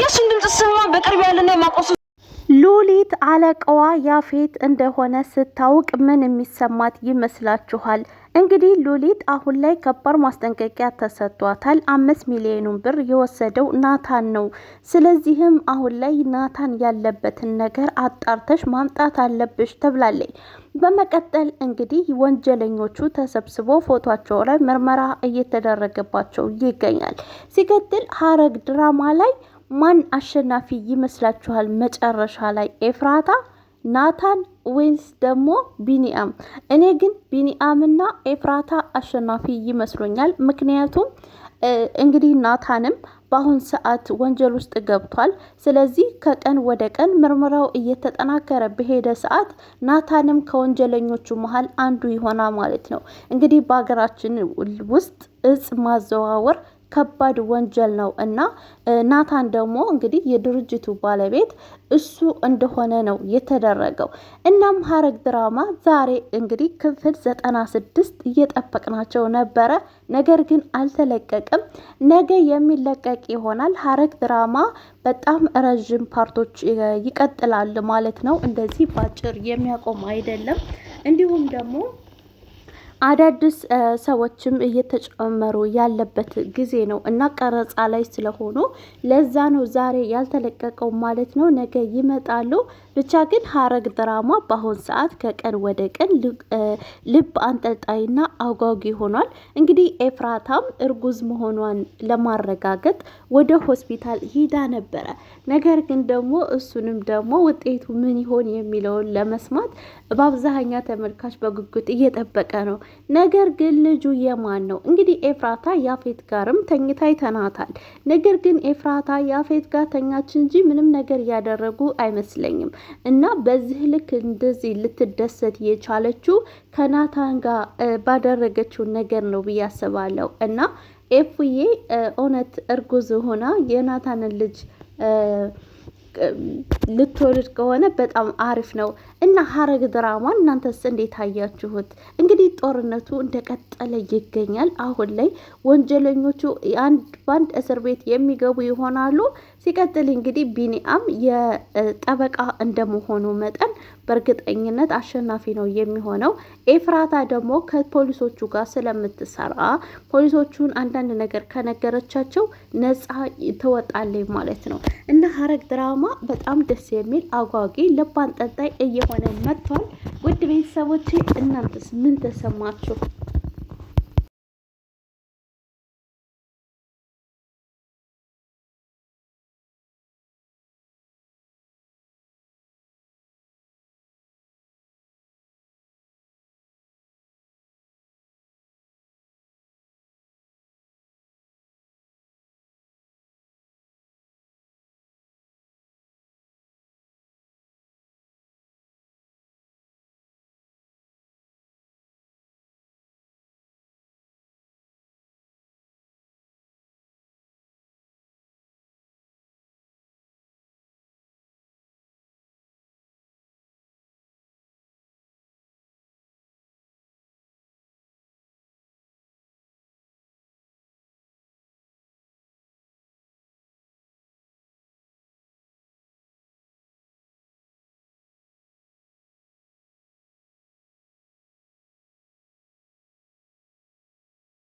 የእሱን ድምፅ ስማ በቅርብ ያለና የማቆሱ ሉሊት አለቃዋ ያፌት እንደሆነ ስታውቅ ምን የሚሰማት ይመስላችኋል? እንግዲህ ሉሊት አሁን ላይ ከባድ ማስጠንቀቂያ ተሰጥቷታል። አምስት ሚሊዮኑን ብር የወሰደው ናታን ነው። ስለዚህም አሁን ላይ ናታን ያለበትን ነገር አጣርተሽ ማምጣት አለብሽ ተብላለች። በመቀጠል እንግዲህ ወንጀለኞቹ ተሰብስቦ ፎቷቸው ላይ ምርመራ እየተደረገባቸው ይገኛል። ሲቀጥል ሀረግ ድራማ ላይ ማን አሸናፊ ይመስላችኋል? መጨረሻ ላይ ኤፍራታ፣ ናታን ወይንስ ደግሞ ቢኒያም? እኔ ግን ቢኒአምና ኤፍራታ አሸናፊ ይመስሎኛል። ምክንያቱም እንግዲህ ናታንም በአሁን ሰዓት ወንጀል ውስጥ ገብቷል። ስለዚህ ከቀን ወደ ቀን ምርመራው እየተጠናከረ በሄደ ሰዓት ናታንም ከወንጀለኞቹ መሀል አንዱ ይሆና ማለት ነው። እንግዲህ በሀገራችን ውስጥ እጽ ማዘዋወር ከባድ ወንጀል ነው እና ናታን ደግሞ እንግዲህ የድርጅቱ ባለቤት እሱ እንደሆነ ነው የተደረገው። እናም ሐረግ ድራማ ዛሬ እንግዲህ ክፍል ዘጠና ስድስት እየጠበቅናቸው ነበረ፣ ነገር ግን አልተለቀቅም። ነገ የሚለቀቅ ይሆናል። ሐረግ ድራማ በጣም ረዥም ፓርቶች ይቀጥላል ማለት ነው። እንደዚህ ባጭር የሚያቆም አይደለም። እንዲሁም ደግሞ አዳዲስ ሰዎችም እየተጨመሩ ያለበት ጊዜ ነው እና ቀረጻ ላይ ስለሆኑ ለዛ ነው ዛሬ ያልተለቀቀው ማለት ነው። ነገ ይመጣሉ። ብቻ ግን ሀረግ ድራማ በአሁን ሰዓት ከቀን ወደ ቀን ልብ አንጠልጣይና አጓጊ ሆኗል። እንግዲህ ኤፍራታም እርጉዝ መሆኗን ለማረጋገጥ ወደ ሆስፒታል ሂዳ ነበረ። ነገር ግን ደግሞ እሱንም ደግሞ ውጤቱ ምን ይሆን የሚለውን ለመስማት በአብዛኛ ተመልካች በጉጉት እየጠበቀ ነው። ነገር ግን ልጁ የማን ነው? እንግዲህ ኤፍራታ ያፌት ጋርም ተኝታ ይተናታል። ነገር ግን ኤፍራታ ያፌት ጋር ተኛች እንጂ ምንም ነገር እያደረጉ አይመስለኝም። እና በዚህ ልክ እንደዚህ ልትደሰት የቻለችው ከናታን ጋር ባደረገችው ነገር ነው ብዬ አስባለሁ። እና ኤፉዬ እውነት እርጉዝ ሆና የናታንን ልጅ ልትወዱት ከሆነ በጣም አሪፍ ነው እና ሀረግ ድራማ እናንተስ እንዴት አያችሁት? እንግዲህ ጦርነቱ እንደቀጠለ ይገኛል። አሁን ላይ ወንጀለኞቹ አንድ ባንድ እስር ቤት የሚገቡ ይሆናሉ። ሲቀጥል እንግዲህ ቢኒአም የጠበቃ እንደመሆኑ መጠን በእርግጠኝነት አሸናፊ ነው የሚሆነው። ኤፍራታ ደግሞ ከፖሊሶቹ ጋር ስለምትሰራ ፖሊሶቹን አንዳንድ ነገር ከነገረቻቸው ነፃ ትወጣለች ማለት ነው እና ሀረግ ድራማ በጣም ደስ የሚል አጓጊ ልብ አንጠልጣይ እየሆነ መጥቷል። ውድ ቤተሰቦቼ እናንተስ ምን ተሰማችሁ?